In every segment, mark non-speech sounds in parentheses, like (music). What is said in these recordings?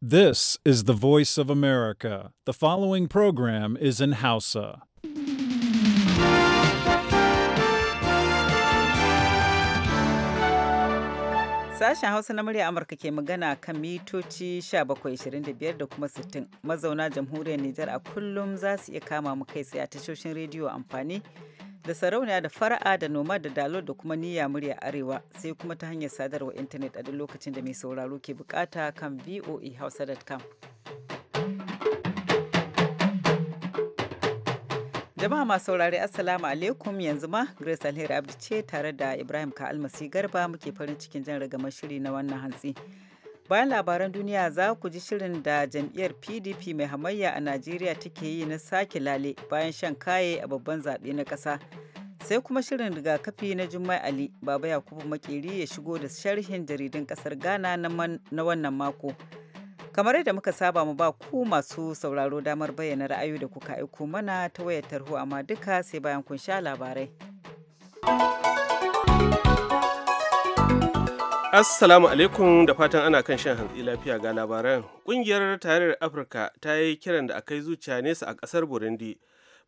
This is the voice of America. The following program is in Hausa. Sashen Hausa na murya Amurka ke magana kan mitoci 1725 da kuma 60 mazauna jamhuriyar Nijar a kullum za su iya kama mu kai tsaye a tashoshin rediyo amfani da sarauniya da fara'a da noma da dalo da kuma niyya murya arewa sai kuma ta hanyar sadarwa intanet a duk lokacin da mai sauraro ke bukata kan voehausa.com jama'a masu saurari assalamu alaikum yanzu ma grace alheri abdu ce tare da ibrahim ka almasi garba muke farin cikin jan ragamar shiri na wannan hantsi Bayan labaran duniya za ku ji shirin da jam'iyyar PDP mai hamayya a Najeriya take yi na sake lale bayan shan kaye a babban zaɓe na ƙasa. Sai kuma shirin rigakafi na Jummai Ali, Baba Yakubu Makeri ya shigo da sharhin jaridun ƙasar Ghana na wannan mako. Kamar yadda muka saba mu ba ku masu sauraro damar bayyana ra'ayi da kuka aiko mana ta wayar tarho amma duka sai bayan kun sha labarai. Assalamu alaikum da fatan ana kan shan hantsi lafiya ga labaran. Kungiyar tarayyar Afirka ta yi kiran da akai zuciya nesa a ƙasar Burundi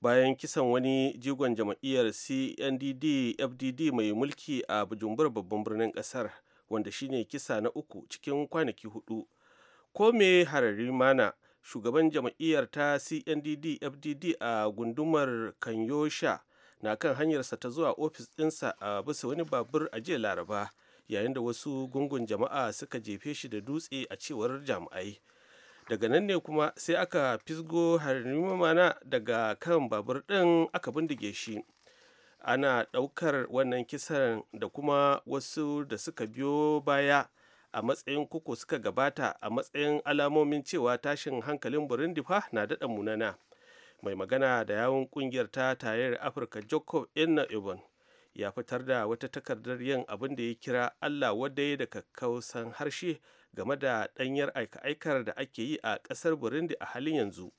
bayan kisan wani jigon jam'iyyar CNDD FDD mai mulki a Bujumbura babban birnin ƙasar wanda shine kisa na uku cikin kwanaki hudu. Kome harari mana shugaban jam'iyyar ta CNDD FDD a gundumar Kanyosha na kan hanyarsa ta zuwa ofis ɗinsa a bisa wani babur a jiya Laraba. yayin da wasu gungun jama'a suka jefe shi da dutse a cewar jami'ai daga nan ne kuma sai aka fisgo mana daga kan babur ɗin aka bindige shi ana ɗaukar wannan kisan da kuma wasu da suka biyo baya a matsayin kuku suka gabata a matsayin alamomin cewa tashin hankalin burundi fa na daɗa munana mai magana da yawun ƙungiyar ta tarayyar afirka jacob inna ibon ya fitar da wata takardar yin abin da ya kira allah ya da kakkausan harshe game da ɗanyar aika-aikar da ake yi a ƙasar burundi a halin yanzu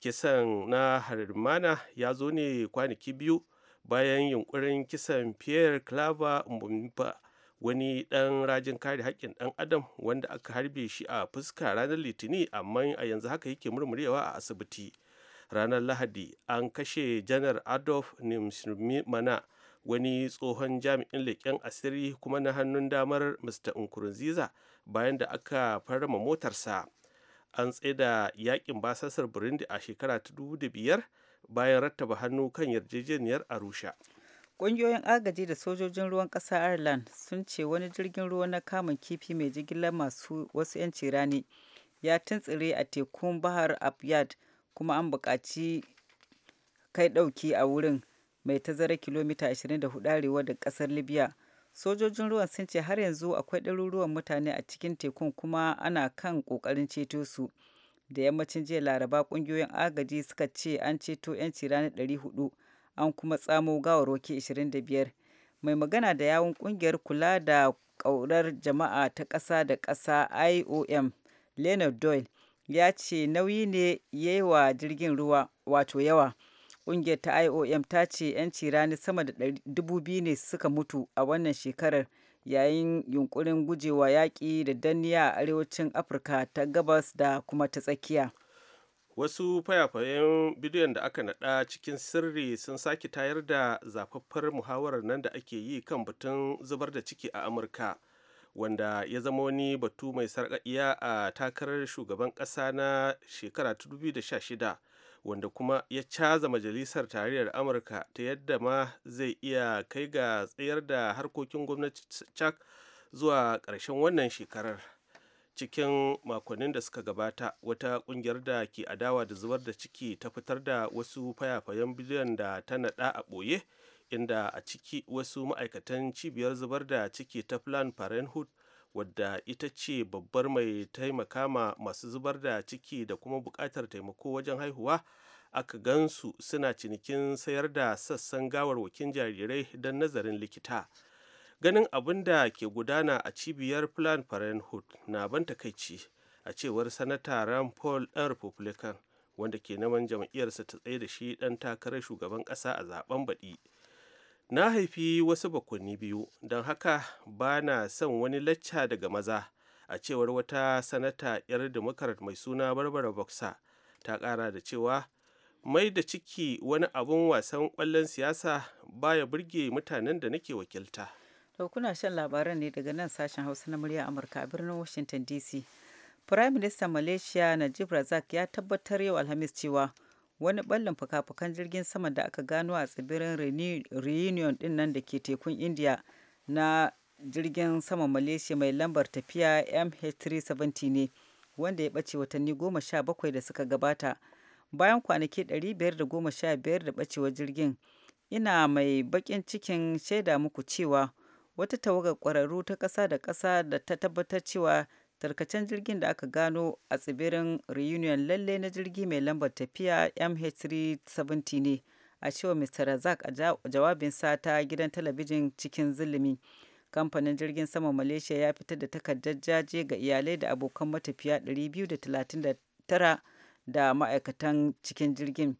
kisan na harimana ya zo ne kwanaki biyu bayan yunkurin kisan pierre Clava mbumba wani ɗan rajin kare haƙƙin ɗan adam wanda aka harbe shi a fuska ranar litini amma a yanzu haka yake murmurewa a asibiti ranar lahadi an kashe janar adolf nimsmana wani tsohon jami'in leƙen asiri kuma na hannun damar mr nkurunziza bayan da aka farma motarsa an tsaida yakin basasar burundi a shekara ta biyar bayan rattaba hannu kan yarjejeniyar arusha Ƙungiyoyin agaji da sojojin ruwan ƙasa Ireland sun ce wani jirgin ruwa na kamun kifi mai jigilar masu wasu 'yanci rani ya tuntsire a tekun Bahar Abyad kuma an buƙaci kai ɗauki a wurin mai tazara kilomita 24 arewa da kasar libya sojojin ruwan sun ce har yanzu akwai ɗaruruwan mutane a cikin tekun kuma ana kan ƙoƙarin ceto su da yammacin jiya laraba ƙungiyoyin agaji suka ce an ceto 'yanci ranar 400 an kuma tsamo gawarwaki 25 mai magana da yawun ƙungiyar kula da ƙaurar jama'a ta ƙasa da ƙasa iom leonard doyle ya ce nauyi ne yawa jirgin ruwa wato yawa Ƙungiyar ta IOM ta ce yanci rani sama da dubu biyu ne suka mutu a wannan shekarar yayin yunkurin gujewa yaƙi da danniya a arewacin Afirka ta gabas da kuma ta tsakiya. Wasu fayafayen bidiyon da aka naɗa cikin sirri sun sake tayar da zafaffar muhawarar nan da ake yi kan batun zubar da ciki a Amurka. wanda ya zama wani batu mai sarƙaƙiya a takarar shugaban ƙasa na shekara 2016 wanda kuma ya caza majalisar tarayyar amurka ta yadda ma zai iya kai ga tsayar da harkokin gwamnati cak zuwa karshen wannan shekarar cikin makonnin da suka gabata wata kungiyar da ke adawa da zubar da ciki ta fitar da wasu fayafayen biliyan da ta naɗa a ɓoye inda a ciki wasu ma'aikatan cibiyar zubar da ciki ta plan parenthood wadda ita ce babbar mai taimaka ma masu zubar da ciki da kuma buƙatar taimako wajen haihuwa aka gansu suna cinikin sayar da sassan gawar wakin jarirai don nazarin likita ganin abin da ke gudana a cibiyar planned parenthood na ban takaici a cewar sanata ram paul ɗan republican wanda ke neman jam'iyyarsa ta tsaye da shi ɗan takarar shugaban ƙasa a zaben baɗi na haifi wasu bakonni biyu don haka ba na son wani lacca daga maza a cewar wata sanata 'yar demokrat mai suna barbara Boxa ta kara da cewa mai da ciki wani abun wasan kwallon siyasa baya burge mutanen da nake wakilta to kuna shan labaran ne daga nan sashen hausa na murya amurka a birnin washington dc prime minister malaysia najib razak ya tabbatar yau alhamis cewa wani ɓallon fuka jirgin sama da aka gano a tsibirin reunion din nan da ke tekun india na jirgin sama malaysia mai lambar tafiya mh370 ne wanda ya bace watanni goma bakwai da suka gabata bayan kwanaki 515 da bacewa jirgin ina mai bakin cikin shaida muku cewa wata tawagar ƙwararru ta ƙasa da kasa da ta tabbatar cewa tarkacen jirgin da aka gano a tsibirin reunion lalle na jirgi mai lambar tafiya mh370 ne a cewa mr razak a jawabinsa ta gidan talabijin cikin zulumi kamfanin jirgin sama malaysia ya fitar da takardar jaje ga iyalai da abokan matafiya 239 da ma'aikatan cikin jirgin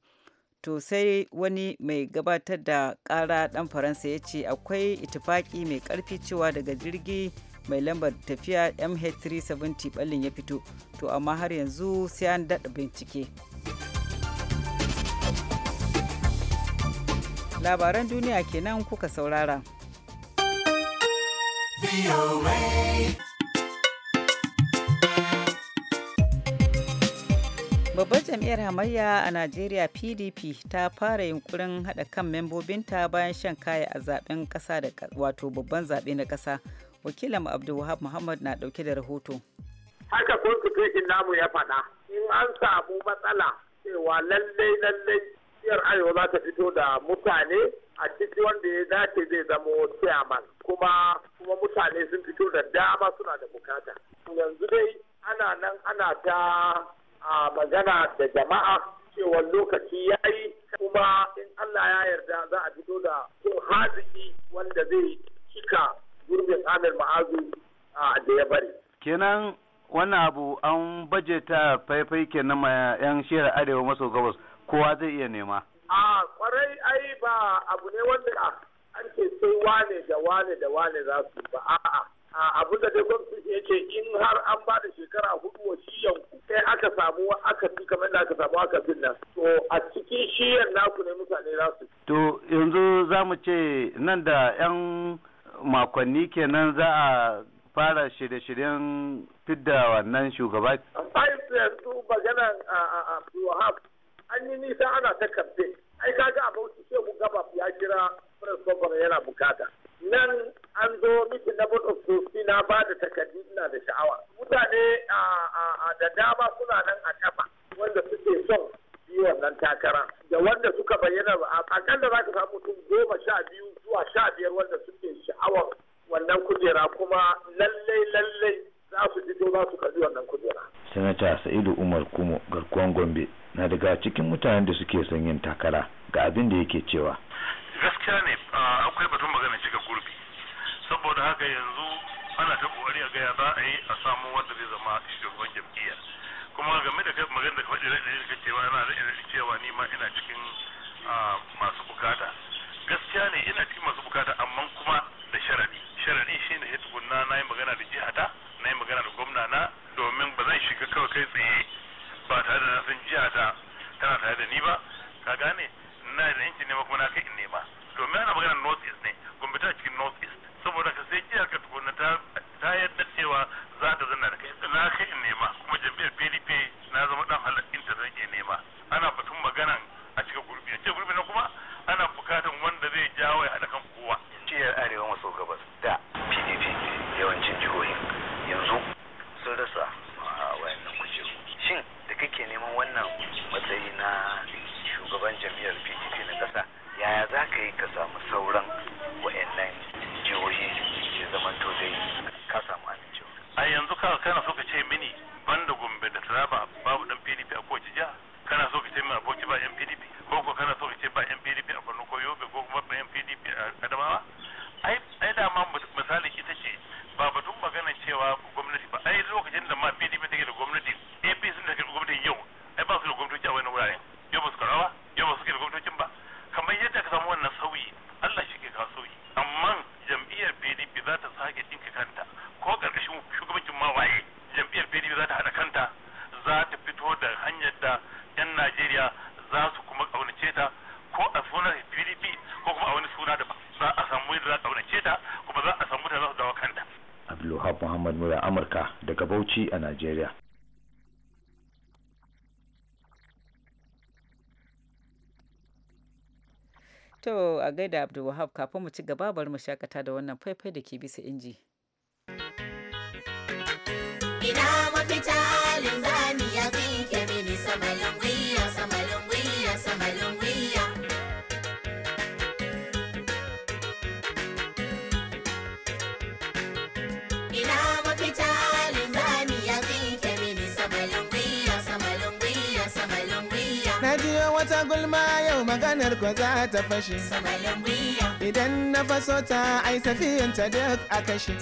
to sai wani mai gabatar da kara dan faransa ya ce akwai itifaki mai karfi cewa daga jirgi mai lambar tafiya mh370 ballin ya fito to amma har yanzu sai an daɗa bincike labaran duniya kenan kuka saurara babbar jam'iyyar hamayya a najeriya pdp ta fara yunkurin haɗa kan membobinta bayan shan kaya a zaben ƙasa da wato babban zaɓe na ƙasa wakilin abdulwahab muhammad na dauke da rahoto haka constitution namu ya faɗa in an samu matsala cewa lallai lallai jiyar ayo za ta fito da mutane a ciki wanda ya dace zai zamo chairman kuma kuma mutane sun fito da dama suna da bukata yanzu dai ana nan ana ta a magana da jama'a cewa lokaci ya yi kuma in allah ya yarda za a fito da kun haziki wanda zai cika gurbin Amir Ma'azu da ya bari. Kenan wannan abu an bajeta faifai kenan ma 'yan shiyar arewa maso gabas kowa zai iya nema. A kwarai ai ba abu ne wanda an ke sai wane da wane da wane za su ba a'a. abu da dai gwamnati ya ce in har an ba da shekara hudu wa shiyan sai aka samu aka fi kamar da aka samu aka fi nan to a cikin shiyan naku ne mutane za su to yanzu za mu ce nan da yan makonni kenan za a fara shirye-shiryen fidda wannan shugaba? Ai, yanzu gana a Wahab, an yi nisa ana ta kamfe. Ai, kaga a Bauchi mu gaba ya kira Prince Bambara yana bukata. Nan an zo miki na Board of Trustee na ba da takardu ina da sha'awa. Mutane da dama suna nan a kafa wanda suke son yi wannan takara da wanda suka bayyana ba da za ka samu mutum goma sha biyu zuwa sha biyar wanda suke sha'awar wannan kujera kuma lallai lallai za su fito za su kalli wannan kujera. sanata sa'idu umar kumo garkuwan gombe na daga cikin mutanen da suke son yin takara ga abin da yake cewa. gaskiya ne akwai batun magana cika gurbi saboda haka yanzu ana ta kokari a gaya za a yi a samu wanda zai zama shugaban jam'iyyar kuma game da kai magana da faɗi ra'ayi da cewa yana ina cewa ni ma ina cikin masu bukata gaskiya ne ina cikin masu bukata amma kuma da sharadi sharadi shine ya tukunna na yi magana da jihata na yi magana da gwamna na domin ba zan shiga kawai kai tsaye ba tare da na san jihata tana tare da ni ba ka gane na da yanki nema kuma na kai in nema domin ana magana north east ne gwamnati cikin north east saboda ka sai jihar ka tukunna ta ta yadda cewa za ta zana da kai na kai in nema kuma jami'ar PDP na zama dan halakin ta zan iya nema ana batun magana a cikin gurbi ce gurbi na kuma ana bukatan wanda zai jawo ya kan kowa jiyar arewa maso gabas da PDP yawancin jihohin yanzu sun rasa ah, wayannan kujeru shin da kake neman wannan matsayi na shugaban jami'ar PDP na ƙasa yaya za ka yi ka samu saura To a gaida Abdulwahab kafin mu ci gaba bari mu shakata da wannan faifai da ke bisa inji. kalma yau maganar ko za ta fashe idan na faso ta ai safiyan ta duk a kashe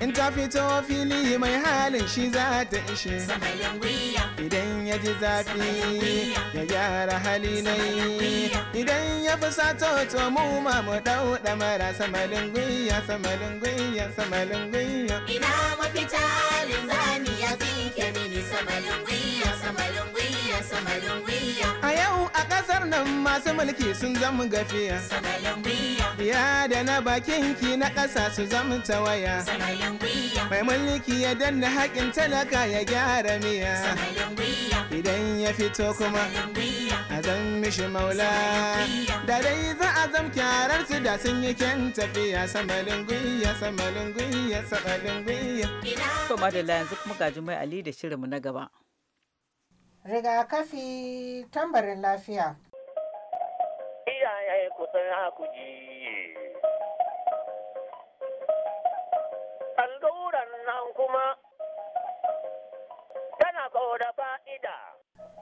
in ta fito fili mai halin shi za ta ishe idan ya ji zafi ya gyara hali nai idan ya fi sato to mu ma mu dau damara samalin gwiya samalin gwiya samalin gwiya ina mafita linzani ya fi wasu mulki sun zama gafiya ya da na bakin ki na ƙasa su zama tawaya mai mulki ya danna haƙin talaka ya gyara miya idan ya fito kuma a zan mishi maula da dai za a zam kyarar su da sun yi kyan tafiya samalin guiya, samalin guiya, samalin gwiya to madalla yanzu kuma ga mai ali da shirinmu na gaba rigakafi tambarin lafiya za ku nan kuma tana da fa'ida.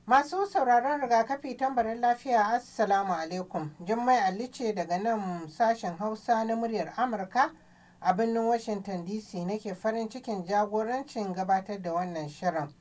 Masu sauraron rigakafi tambarin lafiya Assalamu alaikum. Jummai Ali ce daga nan sashen Hausa na muryar Amurka a birnin Washington DC nake farin cikin jagorancin gabatar da wannan shirin.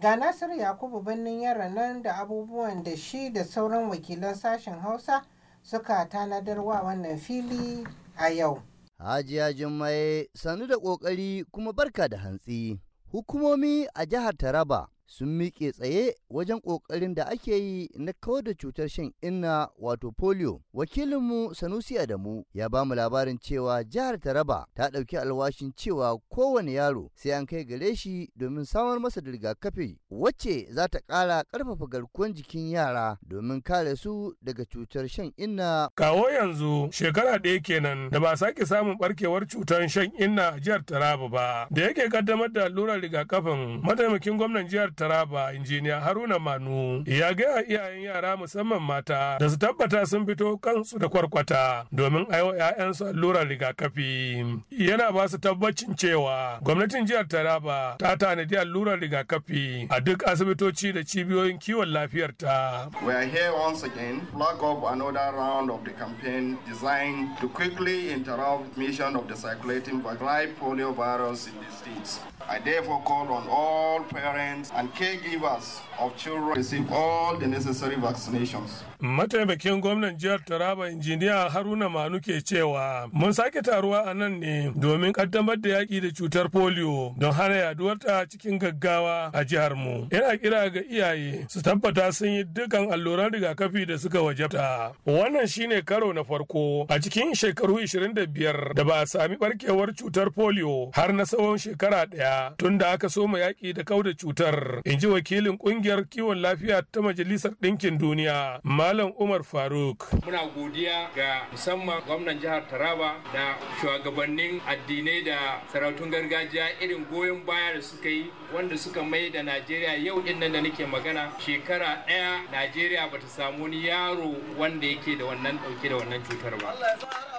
Ga Nasiru Yakubu birnin yara nan da abubuwan da shi da sauran wakilan sashen Hausa suka tanadar wa wannan fili a yau. Hajiya Jummai sanu da ƙoƙari kuma barka da hantsi. Hukumomi a jihar Taraba sun miƙe tsaye wajen ƙoƙarin da ake yi na kawar da cutar shan inna wato polio. Wakilinmu Sanusi Adamu ya ba mu labarin cewa jihar Taraba ta ɗauki alwashin cewa kowane yaro sai an kai gare shi domin samar masa da rigakafi wacce za ta ƙara ƙarfafa garkuwar jikin yara domin kare su daga cutar shan inna. Kawo yanzu shekara ɗaya kenan da ba sake samun ɓarkewar cutar shan inna a jihar Taraba ba da yake kaddamar da allurar rigakafin mataimakin gwamnan jihar taraba injiniya haruna manu ya gaya iyayen yara musamman mata da su tabbata sun fito kansu da kwarkwata domin aiwa 'ya'yansu allurar rigakafi yana ba su tabbacin cewa gwamnatin jihar taraba ta tanadi allurar rigakafi a duk asibitoci da cibiyoyin kiwon lafiyarta we are here once again flag up another round of the campaign designed to quickly interrupt mission of the circulating polio virus in the states i therefore call on all parents and and caregivers Mataimakin gwamnan jihar Taraba injiniya Haruna Manu ke cewa mun sake taruwa a nan ne domin kaddamar da yaƙi da cutar polio don hana yaduwarta cikin gaggawa a jihar mu. Ina kira ga iyaye su tabbata sun yi dukkan alluran rigakafi da suka wajabta. Wannan shine karo na farko a cikin shekaru 25 da ba a sami barkewar cutar polio har na tsawon shekara ɗaya tunda da aka soma yaƙi da kauda cutar. in ji wakilin kungiyar kiwon lafiya ta majalisar ɗinkin duniya malam umar faruk muna godiya ga musamman gwamnan jihar taraba da shugabannin addinai da sarautun gargajiya irin goyon baya da suka yi wanda suka mai da najeriya yau din nan da nake magana shekara ɗaya najeriya bata samu wani yaro wanda yake da wannan ɗauke da wannan cutar ba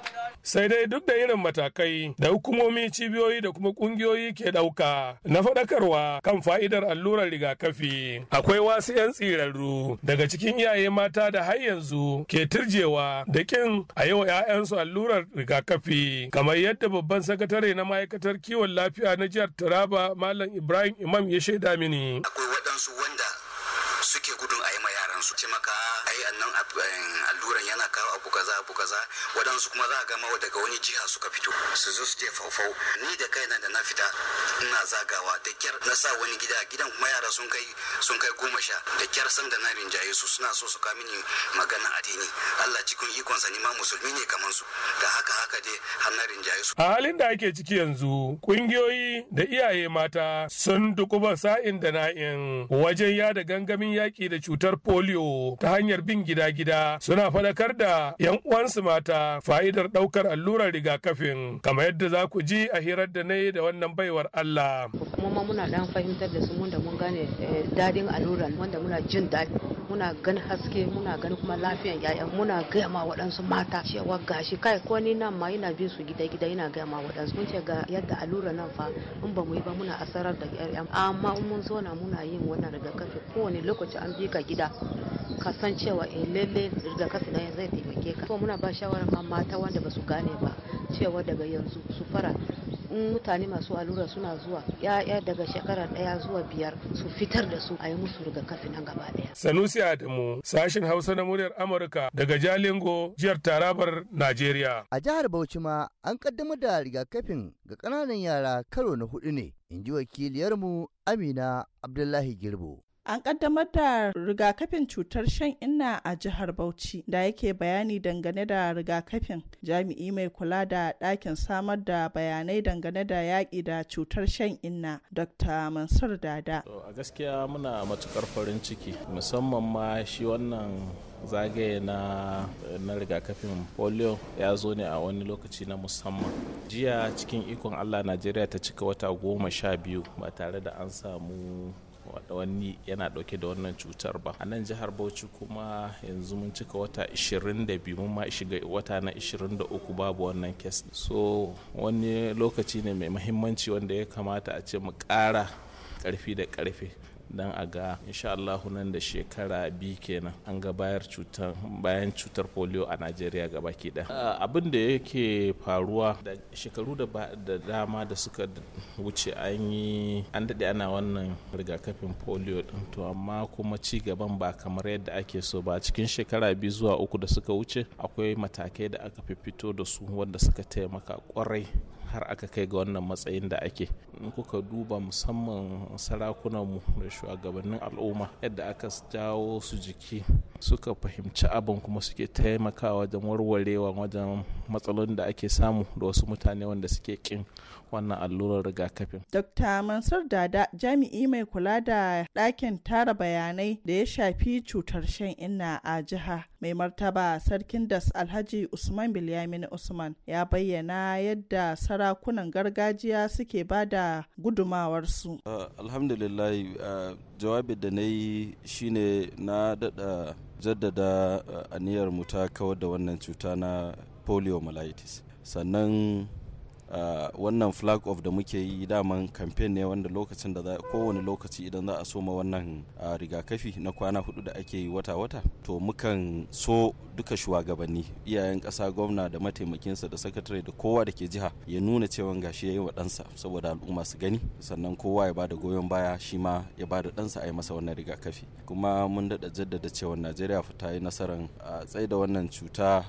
sai dai duk da irin matakai da hukumomi cibiyoyi da kuma kungiyoyi ke ɗauka na faɗakarwa kan fa'idar allurar rigakafi akwai wasu 'yan tsirarru daga cikin iyaye mata da har yanzu ke turjewa da kin a yau 'ya'yansu allurar rigakafi kamar yadda babban sakatare na ma'aikatar kiwon lafiya na jihar taraba malam ibrahim imam ya shaida mini akwai waɗansu wanda waɗansu kuma za a gama daga wani jiha suka fito su zo su je faufau ni da kaina da na fita ina zagawa da kyar na sa wani gida gidan kuma yara sun kai sun kai goma sha da kyar san da na rinjaye su suna so su mini magana addini Allah cikin ikonsa ni ma musulmi ne kaman su da haka haka dai har na rinjaye su a halin da ake ciki yanzu kungiyoyi da iyaye mata sun dukuba sa'in da na'in wajen yada gangamin yaki da cutar polio ta hanyar bin gida-gida suna faɗakar da 'yan uwansu mata fa'idar ɗaukar allurar rigakafin kamar yadda za ku ji a hirar da na yi da wannan baiwar Allah. Kuma muna dan fahimtar da su mun da mun gane eh, dadin alluran wanda muna jin daɗi muna gan haske muna gan kuma lafiyan yayan muna gaya ma waɗansu mata cewa gashi kai ko ni nan ma ina bin su gida gida ina gaya ma waɗansu mun ce ga yadda allura nan fa in ba mu yi ba muna asarar da yayan amma in mun zo na muna yin wannan rigakafi kowane lokaci an bi ka gida kasancewa san eh, lele rigakafi na zai taimake ka. To muna ba shawara musamman mata wanda ba su gane ba cewa daga yanzu su fara in mutane masu allura suna zuwa ya'ya daga shekara daya zuwa biyar su fitar da su a yi musu rigakafi nan gaba daya. Sanusi Adamu sashen Hausa na muryar Amurka daga Jalingo jihar Tarabar Najeriya. A jihar Bauchi ma an kaddamar da rigakafin ga ƙananan yara karo na hudu ne in ji wakiliyarmu Amina Abdullahi Girbo. An kaddamar da rigakafin cutar shan inna a jihar Bauchi da yake bayani dangane da rigakafin jami'i mai kula da dakin samar da bayanai dangane da yaƙi da cutar shan inna Dr. Mansur Dada. A gaskiya muna matukar farin ciki musamman ma shi wannan zagaye na, na rigakafin polio ya zo ne a wani lokaci na musamman jiya cikin ikon allah najeriya ta cika wata goma sha biyu ba tare da an samu wanda wani yana dauke da wannan cutar ba a nan jihar bauchi kuma yanzu mun cika wata 22 mun ma shiga wata na 23 babu wannan kes so wani lokaci ne mai mahimmanci wanda ya kamata a ce mu kara karfi da karfe dan a ga insha Allah nan da shekara biyu kenan an ga bayar cutar bayan cutar polio a Najeriya gaba ki ah, abin da yake faruwa da shekaru da dama da suka wuce an yi an daɗe ana wannan rigakafin polio ɗin to amma kuma ci gaban ba kamar yadda ake so ba cikin shekara biyu zuwa uku da suka wuce akwai matakai da aka fito da su wanda suka taimaka kwarai har aka kai ga wannan matsayin da ake in kuka duba musamman sarakunanmu da shugabannin al'umma yadda aka jawo su jiki suka fahimci abin kuma suke taimakawa wajen warwarewa wajen matsalolin da ake samu da wasu mutane wanda suke kin wannan allurar rigakafin. Dr. Mansur Dada jami'i mai kula da ɗakin tara bayanai da ya shafi cutar shan inna a jiha mai martaba sarkin das alhaji Usman Bilyamin Usman ya bayyana yadda sarakunan gargajiya suke ba da gudumawarsu. Uh, alhamdulillah uh, jawabin da na yi shine na daɗa jaddada uh, aniyar mu ta kawar da wannan cuta na poliomyelitis sannan Uh, wannan flag of da muke yi daman campaign ne wanda lokacin da kowane lokaci idan za a soma wannan uh, rigakafi na kwana hudu da ake yi wata-wata to mukan so duka shugabanni iyayen ƙasa gwamna da mataimakinsa da sakatare da kowa da ke jiha ya nuna cewa gashi ya yi wa ɗansa saboda al'umma su gani sannan kowa ya bada goyon baya shi ma ya bada ɗansa a yi masa wannan rigakafi kuma mun daɗa jaddada cewa najeriya fita yi nasarar a uh, tsaida wannan cuta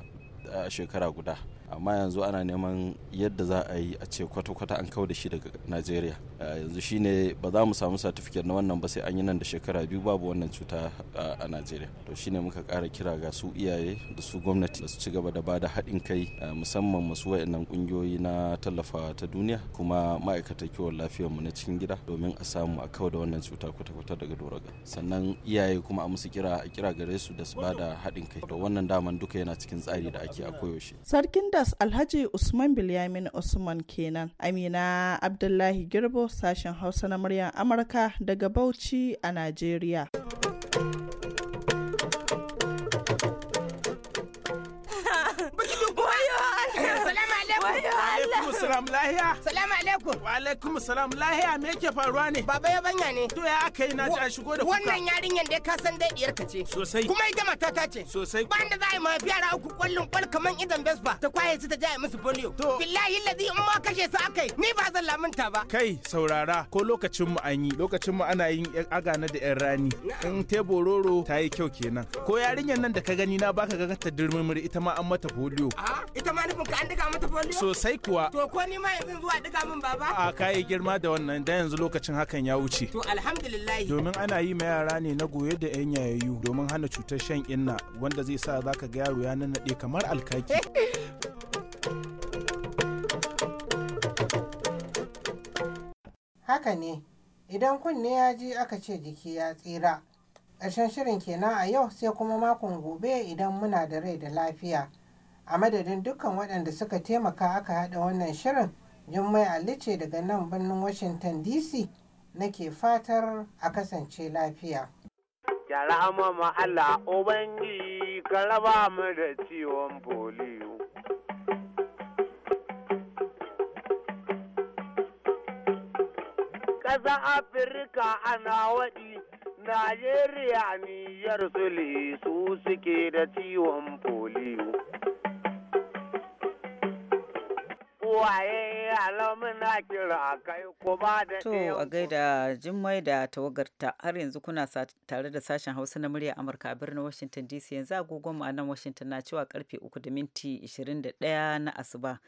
a shekara guda amma yanzu ana neman yadda za a yi a ce kwata-kwata an kau da shi daga najeriya yanzu shine ba za mu samu satifiket na wannan ba sai an yi nan da shekara biyu babu wannan cuta a najeriya to shine muka kara kira ga su iyaye da su gwamnati da su ci gaba da bada haɗin kai musamman masu wayannan kungiyoyi na tallafawa ta duniya kuma ma'aikatan kiwon lafiyar mu na cikin gida domin a samu a kau da wannan cuta kwata-kwata daga doraga sannan iyaye kuma a musu kira a kira gare su da su bada haɗin kai to wannan daman duka yana cikin tsari da ake a koyaushe sarkin da Tilas Alhaji Usman Bilyamin Usman kenan. Amina Abdullahi Girbo sashen Hausa na muryar Amurka daga Bauchi a Najeriya. salam lahiya. Salamu alaikum. Wa alaikum salam lahiya me yake faruwa ne? Baba ya banya ne. To ya aka yi na ji a shigo da kuka. Wannan yarinyar da ka san dai diyarka ce. Sosai. Kuma ita ta ce. Sosai. Ba inda za a yi ma yara uku kwallon kwal kaman idan besba ta kwaye su ta jaya musu polio. To. Billahi lazi in ma kashe su aka yi ni ba zan lamunta ba. Kai saurara ko lokacin mu an yi lokacin mu ana yin agana da yan rani. In tebororo ta yi kyau kenan. Ko yarinyar nan da ka gani na baka ga ta dirmimiri ita ma an mata polio. A ah, ita ma nufin ka an daga mata polio. Sosai kuwa. To ko ni ma yanzu zuwa diga min baba a kai girma da wannan da yanzu lokacin hakan ya wuce to alhamdulillah domin ana yi ma yara ne na goye da yan yayayu domin hana cutar shan inna wanda zai sa zaka ga yaro ya nannaɗe kamar alkaki (laughs) haka ne idan kunne ya ji aka ce jiki ya tsira ƙarshen shirin kenan a yau sai kuma makon gobe idan muna da rai da lafiya a madadin dukkan waɗanda suka taimaka aka haɗa wannan shirin jummai alice daga nan birnin washington dc nake fatar a kasance lafiya yara ubangi ka mu da ciwon polio ƙasa afirka ana waɗi najeriya niyar su suke da ciwon polio waye alamuna kira da To a gaida Jummai da tawagarta har yanzu kuna tare da sashen Hausa na murya Amurka a birnin Washington DC yanzu agogon mu a nan Washington na cewa karfe 3 da minti na asuba.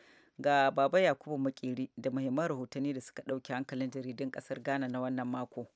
Ga Baba Yakubu Makeri da muhimman rahotanni da suka ɗauki hankalin jaridun ƙasar Ghana na wannan mako.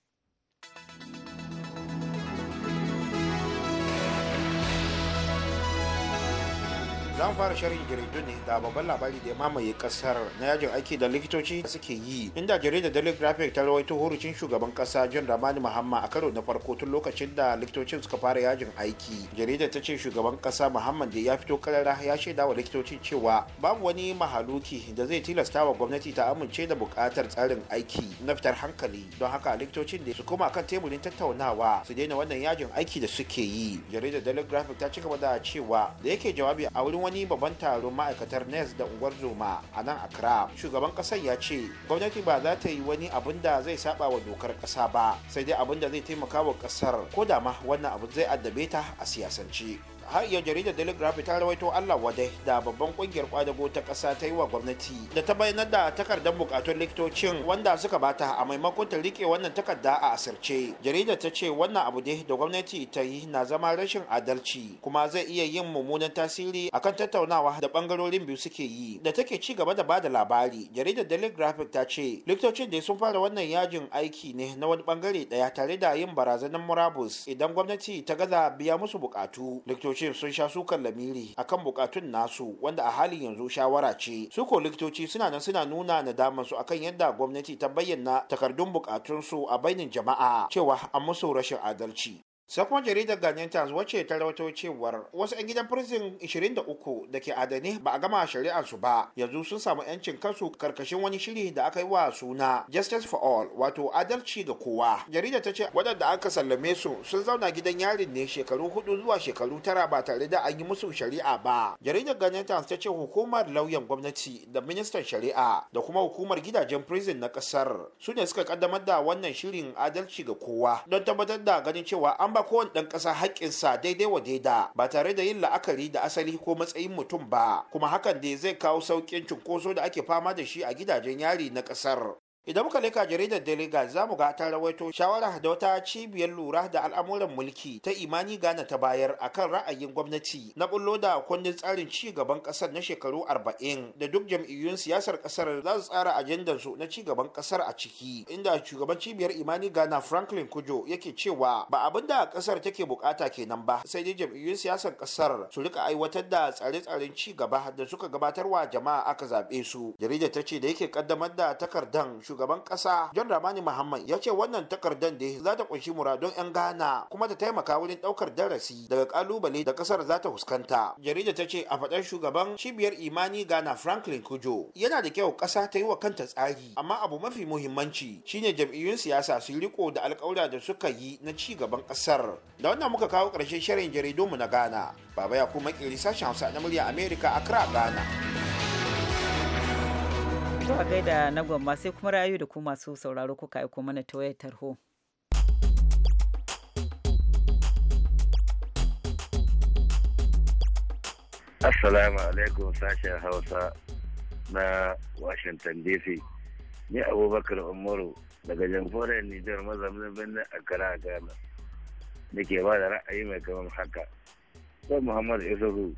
zan fara shirin jaridu ne da babban labari da ya mamaye kasar na yajin aiki da likitoci suke yi inda jaridar daily graphic ta rawaito horucin shugaban kasa john ramani muhammad a karo na farko tun lokacin da likitocin suka fara yajin aiki jaridar ta ce shugaban kasa muhammad da ya fito karara ya shaida wa likitocin cewa babu wani mahaluki da zai tilasta wa gwamnati ta amince da bukatar tsarin aiki na fitar hankali don haka likitocin da su koma kan teburin tattaunawa su daina wannan yajin aiki da suke yi jaridar daily graphic ta ci gaba da cewa da yake jawabi a wurin wani babban taron ma'aikatar nes da unguwar zoma a nan accra shugaban kasar ya ce gwamnati ba za ta yi wani abin da zai saba wa dokar kasa ba sai dai abin da zai taimaka wa kasar ko da ma wannan abin zai addabe ta a siyasance har iya jaridar daily graphic ta rawaito allah wadai da babban kungiyar kwadago ta kasa ta yi wa gwamnati da ta bayyanar da takardar bukatun likitocin wanda suka bata a maimakon ta rike wannan takarda a asirce jaridar ta ce wannan abu dai da gwamnati ta yi na zama rashin adalci kuma zai iya yin mummunan tasiri akan tattaunawa da bangarorin biyu suke yi da take ci gaba da ba da labari jaridar daily graphic ta ce likitocin da sun fara wannan yajin aiki ne na wani bangare daya tare da yin barazanar murabus idan gwamnati ta gaza biya musu bukatu likitocin likitocin sun sha sukan lamiri akan bukatun nasu wanda a halin yanzu shawara ce su ko likitoci suna nan suna nuna nadaman su akan yadda gwamnati ta bayyana takardun bukatun su a bainin jama'a cewa an musu rashin adalci Sakon jaridar Ganyen Times wacce ta rawato cewar wasu 'yan gidan prison 23 da ke adane ba a gama shari'ar su ba yanzu sun samu 'yancin kansu karkashin wani shiri da aka yi wa suna Justice for All wato adalci ga kowa. Jaridar ta ce waɗanda aka sallame su sun zauna gidan yarin ne shekaru hudu zuwa shekaru tara ba tare da an yi musu shari'a ba. Jaridar Ganyen Times ta ce hukumar lauyan gwamnati da ministan shari'a da kuma hukumar gidajen prison na ƙasar su ne suka kaddamar da wannan shirin adalci ga kowa don tabbatar da ganin cewa an ba kowane ɗan ƙasa haƙƙinsa daidai wa daida ba tare da yin la'akari da asali ko matsayin mutum ba kuma hakan ne zai kawo sauƙin cunkoso da ake fama da shi a gidajen yari na ƙasar idan muka leka jaridar daily gazette za mu ga ta rawaito shawara da wata cibiyar lura da al'amuran mulki ta imani gana ta bayar akan ra'ayin gwamnati na bullo da kundin tsarin ci gaban kasar na shekaru 40 da duk jam'iyyun siyasar kasar za su tsara ajandar su na ci gaban kasar a ciki inda shugaban cibiyar imani gana franklin kujo yake cewa ba abin da kasar take bukata kenan ba sai dai jam'iyyun siyasar kasar su rika aiwatar da tsare-tsaren ci gaba da suka gabatarwa jama'a aka zaɓe su jaridar ta ce da yake kaddamar da takardan shugaban kasa John Ramani Muhammad ya ce wannan takardar da za ta kunshi muradun 'yan Ghana kuma ta taimaka wajen daukar darasi daga kalubale da kasar za ta fuskanta. Jarida ta ce a faɗar shugaban cibiyar imani Ghana Franklin Kujo yana da kyau kasa ta yi wa kanta tsari amma abu mafi muhimmanci shine jam'iyyun siyasa su riko da alƙawura da suka yi na ci gaban kasar. Da wannan muka kawo ƙarshen shirin mu na Ghana. Baba ya kuma ƙiri sashen Hausa na murya Amerika Accra Ghana. To a gaida na gwamma sai kuma rayu da ku masu sauraro kuka aiko mana ta wayar tarho. Assalamu alaikum sashen Hausa na Washington DC. Ni Abubakar Umaru daga jamhuriyar Nijar mazaunin birnin Accra Ghana. Nake ba da ra'ayi mai kamar haka. Sai Muhammad Isuhu.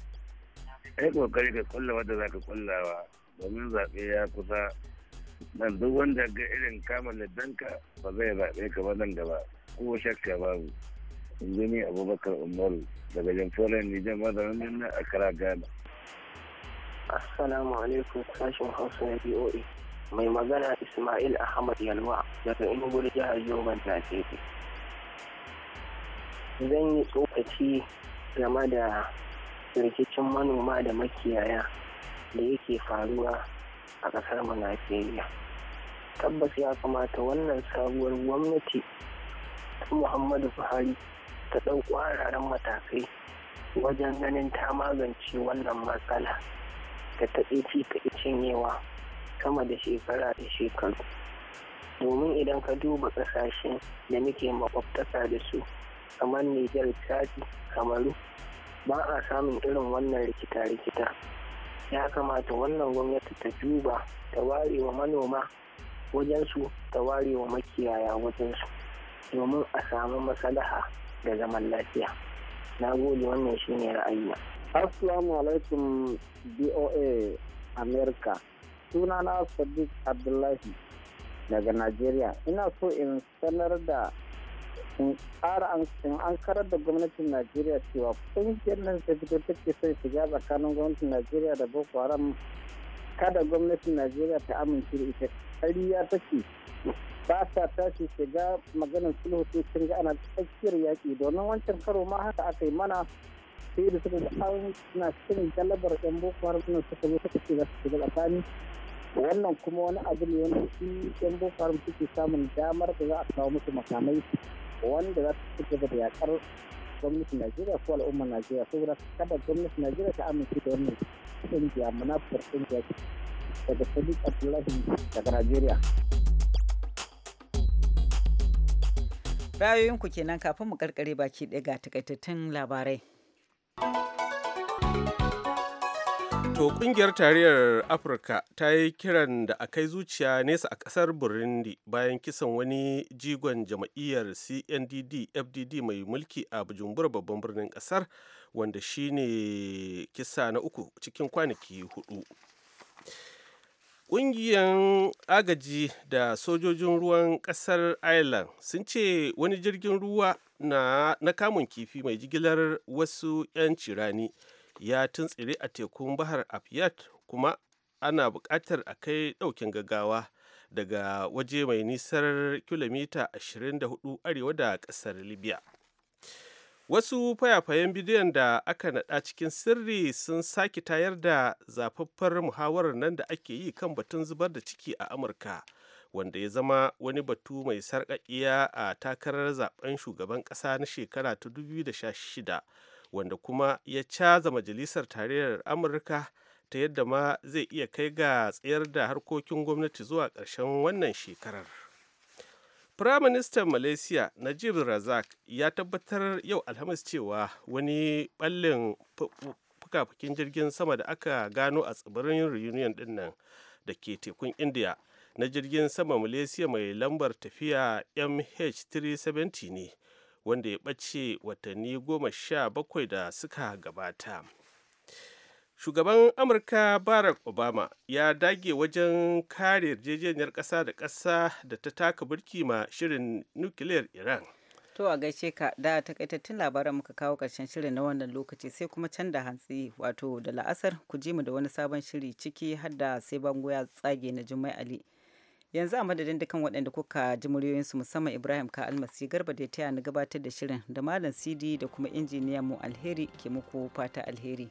Ai kokari ka kulla wadda za ka kullawa domin zaɓe ya kusa nan duk wanda ga irin kama laddanka ba zai zaɓe ka ba nan gaba ko shakka ji ni abubakar umar daga jamfolar nijar mazaunin a kara gana assalamu alaikum sashen hausa na boa mai magana ismail ahmad yalwa daga inugu jihar na najeriya zan yi tsokaci game da rikicin manoma da makiyaya da yake faruwa a ƙasar mu Najeriya. Tabbas ya kamata wannan sabuwar gwamnati ta Muhammadu Buhari ta ɗau ƙwararren matakai wajen ganin ta magance wannan matsala da ta ci ta cinyewa sama da shekara da shekaru. Domin idan ka duba ƙasashen da muke makwabtaka da su kamar Nijar, Chadi, Kamaru ba a samun irin wannan rikita-rikita. ya kamata wannan gwamnati ta duba ta ware wa manoma wajensu ta ware wa makiyaya wajensu domin a samu masalaha da zaman lafiya na gode wannan shine ra'ayina assalamu alaikum boa america sunana sadiq abdullahi daga nigeria ina so in sanar da in ƙara an karar da gwamnatin najeriya cewa ƙungiyar nan ta fito take son shiga tsakanin gwamnatin najeriya da boko haram kada gwamnatin najeriya ta amince da ita ta take ba ta tashi shiga maganin sulhu sai sun ga ana tsakiyar yaƙi domin wancan karo ma haka aka yi mana sai da suka ga an suna cin galabar ɗan boko haram suna suka zo suka ce za su shiga tsakani wannan kuma wani abu ne wanda shi yan boko haram suke samun damar da za a kawo musu makamai wanda za su cigaba da yakar gwamnatin Najeriya ko al'ummar Najeriya saboda kada gwamnatin Najeriya ta amince da wannan kungiya munafar kungiya daga Sadiq Abdullahi daga Najeriya. Rayoyinku kenan kafin mu karkare baki ɗaya ga takaitattun labarai. To kungiyar tarayyar Afirka ta yi kiran da a kai zuciya nesa a kasar Burundi bayan kisan wani jigon jama'iyyar CNDD FDD mai mulki a Bujumbura babban birnin kasar wanda shine kisa na uku cikin kwanaki hudu. Ƙungiyar agaji da sojojin ruwan ƙasar Ireland sun ce wani jirgin ruwa na, na kamun kifi mai jigilar wasu 'yan cirani. ya tuntsire a tekun bahar afiyat kuma ana buƙatar a kai ɗaukin gaggawa daga waje mai nisar kilomita 24 arewa da ƙasar libya wasu fayafayen bidiyon da aka naɗa cikin sirri sun sake tayar da zafaffar muhawarar nan da ake yi kan batun zubar da ciki a amurka wanda ya zama wani batu mai sarƙaƙiya a takarar zaben shugaban ƙasa na shekara ta 2016 wanda kuma ya caza majalisar tarayyar amurka ta yadda ma zai iya kai ga tsayar da harkokin gwamnati zuwa ƙarshen wannan shekarar Firaministan Malaysia Najib Razak ya tabbatar yau Alhamis cewa wani ɓallin fukafukin jirgin sama da aka gano a tsibirin Reunion din nan da ke tekun India na jirgin sama Malaysia mai lambar tafiya MH370 ne wanda ya ɓace watanni goma sha bakwai da suka gabata shugaban amurka barack obama ya dage wajen kare yarjejeniyar ƙasa da ƙasa da ta taka burki ma shirin nukiliyar iran To a gaishe ka da takaitattun labaran muka kawo karshen shirin na wannan lokaci sai kuma can da hantsi wato da la'asar ku ji mu da wani sabon shiri ciki har da sai bango ya tsage na Jummai Ali. yanzu a madadin dukkan waɗanda kuka ji muryoyinsu musamman ibrahim ka almasi garba da ya taya ni gabatar da shirin da malam cd da kuma injiniyan mu alheri ke muku fata alheri